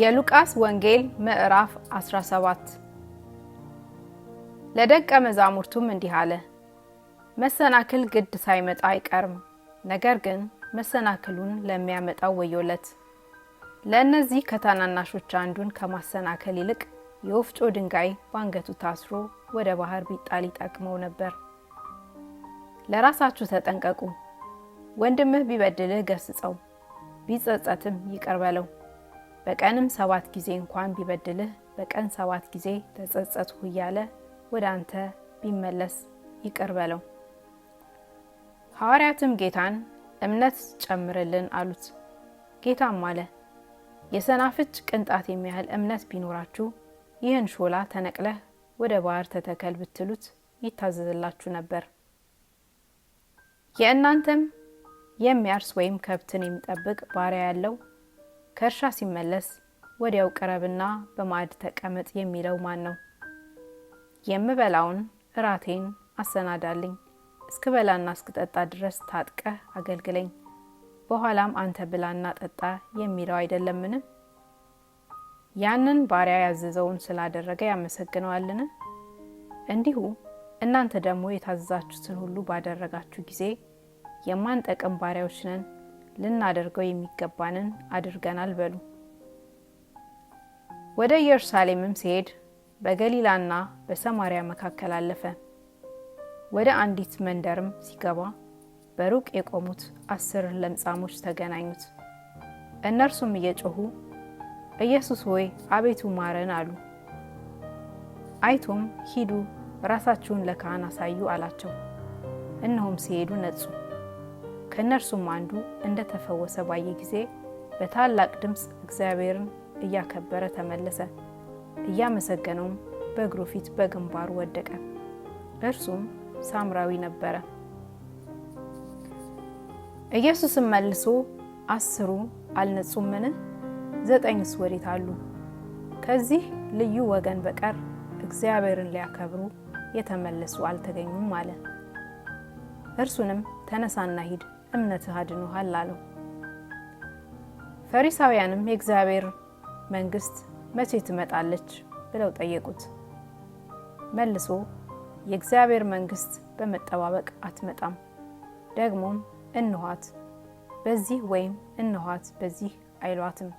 የሉቃስ ወንጌል ምዕራፍ 17 ለደቀ መዛሙርቱም እንዲህ አለ። መሰናክል ግድ ሳይመጣ አይቀርም፣ ነገር ግን መሰናክሉን ለሚያመጣው ወዮለት። ለእነዚህ ከታናናሾች አንዱን ከማሰናከል ይልቅ የወፍጮ ድንጋይ በአንገቱ ታስሮ ወደ ባህር ቢጣል ይጠቅመው ነበር። ለራሳችሁ ተጠንቀቁ። ወንድምህ ቢበድልህ ገስጸው፣ ቢጸጸትም ይቅር በለው። በቀንም ሰባት ጊዜ እንኳን ቢበድልህ በቀን ሰባት ጊዜ ተጸጸትሁ እያለ ወደ አንተ ቢመለስ ይቅር በለው። ሐዋርያትም ጌታን እምነት ጨምርልን አሉት። ጌታም አለ የሰናፍጭ ቅንጣት የሚያህል እምነት ቢኖራችሁ ይህን ሾላ ተነቅለህ ወደ ባህር ተተከል ብትሉት ይታዘዝላችሁ ነበር። የእናንተም የሚያርስ ወይም ከብትን የሚጠብቅ ባሪያ ያለው ከእርሻ ሲመለስ ወዲያው ቅረብና በማዕድ ተቀመጥ የሚለው ማን ነው? የምበላውን እራቴን አሰናዳልኝ፣ እስክበላና እስክጠጣ ድረስ ታጥቀህ አገልግለኝ፣ በኋላም አንተ ብላና ጠጣ የሚለው አይደለምን? ያንን ባሪያ ያዘዘውን ስላደረገ ያመሰግነዋልን? እንዲሁ እናንተ ደግሞ የታዘዛችሁትን ሁሉ ባደረጋችሁ ጊዜ የማንጠቅም ባሪያዎች ነን ልናደርገው የሚገባንን አድርገናል በሉ። ወደ ኢየሩሳሌምም ሲሄድ በገሊላና በሰማሪያ መካከል አለፈ። ወደ አንዲት መንደርም ሲገባ በሩቅ የቆሙት አስር ለምጻሞች ተገናኙት። እነርሱም እየጮኹ ኢየሱስ ሆይ አቤቱ ማረን አሉ። አይቶም ሂዱ ራሳችሁን ለካህን አሳዩ አላቸው። እነሆም ሲሄዱ ነጹ። ከእነርሱም አንዱ እንደተፈወሰ ባየ ጊዜ በታላቅ ድምፅ እግዚአብሔርን እያከበረ ተመለሰ፣ እያመሰገነውም በእግሩ ፊት በግንባሩ ወደቀ። እርሱም ሳምራዊ ነበረ። ኢየሱስም መልሶ አስሩ አልነጹምን? ዘጠኝስ ወዴት አሉ? ከዚህ ልዩ ወገን በቀር እግዚአብሔርን ሊያከብሩ የተመለሱ አልተገኙም አለ። እርሱንም ተነሳና ሂድ እምነትህ አድኖሃል አለው። ፈሪሳውያንም የእግዚአብሔር መንግስት መቼ ትመጣለች ብለው ጠየቁት። መልሶ የእግዚአብሔር መንግስት በመጠባበቅ አትመጣም፣ ደግሞም እንኋት በዚህ ወይም እንኋት በዚህ አይሏትም፣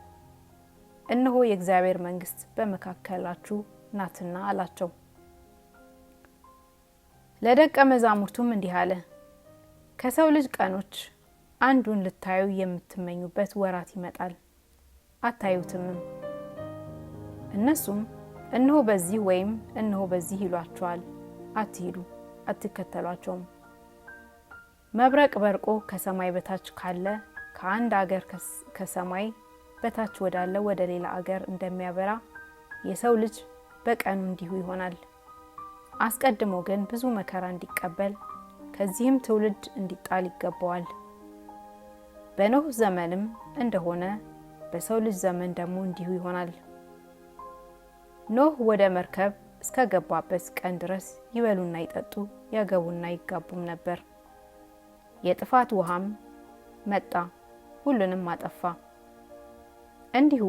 እነሆ የእግዚአብሔር መንግስት በመካከላችሁ ናትና አላቸው። ለደቀ መዛሙርቱም እንዲህ አለ። ከሰው ልጅ ቀኖች አንዱን ልታዩ የምትመኙበት ወራት ይመጣል፣ አታዩትምም። እነሱም እነሆ በዚህ ወይም እነሆ በዚህ ይሏቸዋል፣ አትሂዱ፣ አትከተሏቸውም። መብረቅ በርቆ ከሰማይ በታች ካለ ከአንድ አገር ከሰማይ በታች ወዳለ ወደ ሌላ አገር እንደሚያበራ የሰው ልጅ በቀኑ እንዲሁ ይሆናል። አስቀድሞ ግን ብዙ መከራ እንዲቀበል ከዚህም ትውልድ እንዲጣል ይገባዋል። በኖህ ዘመንም እንደሆነ በሰው ልጅ ዘመን ደግሞ እንዲሁ ይሆናል። ኖህ ወደ መርከብ እስከገባበት ቀን ድረስ ይበሉና ይጠጡ ያገቡና ይጋቡም ነበር። የጥፋት ውሃም መጣ፣ ሁሉንም አጠፋ። እንዲሁ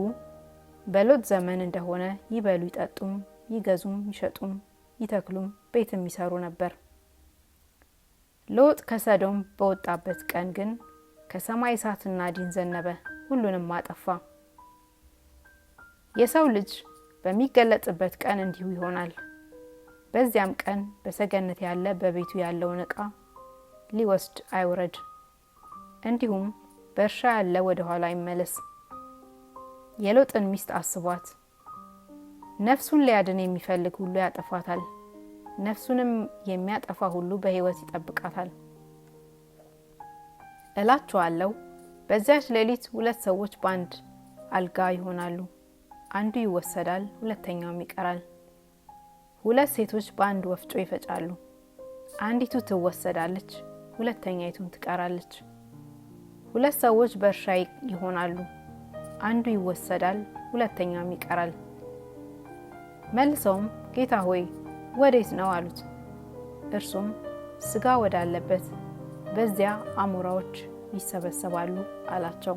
በሎጥ ዘመን እንደሆነ ይበሉ ይጠጡም፣ ይገዙም፣ ይሸጡም፣ ይተክሉም፣ ቤትም ይሰሩ ነበር። ሎጥ ከሰዶም በወጣበት ቀን ግን ከሰማይ እሳትና ዲን ዘነበ፣ ሁሉንም አጠፋ። የሰው ልጅ በሚገለጥበት ቀን እንዲሁ ይሆናል። በዚያም ቀን በሰገነት ያለ በቤቱ ያለውን ዕቃ ሊወስድ አይውረድ፣ እንዲሁም በእርሻ ያለ ወደ ኋላ አይመለስ። የሎጥን ሚስት አስቧት። ነፍሱን ሊያድን የሚፈልግ ሁሉ ያጠፋታል። ነፍሱንም የሚያጠፋ ሁሉ በህይወት ይጠብቃታል። እላችኋለሁ በዚያች ሌሊት ሁለት ሰዎች በአንድ አልጋ ይሆናሉ፣ አንዱ ይወሰዳል፣ ሁለተኛውም ይቀራል። ሁለት ሴቶች በአንድ ወፍጮ ይፈጫሉ፣ አንዲቱ ትወሰዳለች፣ ሁለተኛይቱም ትቀራለች። ሁለት ሰዎች በእርሻ ይሆናሉ፣ አንዱ ይወሰዳል፣ ሁለተኛውም ይቀራል። መልሰውም ጌታ ሆይ ወዴት ነው አሉት። እርሱም ስጋ ወዳለበት በዚያ አሞራዎች ይሰበሰባሉ አላቸው።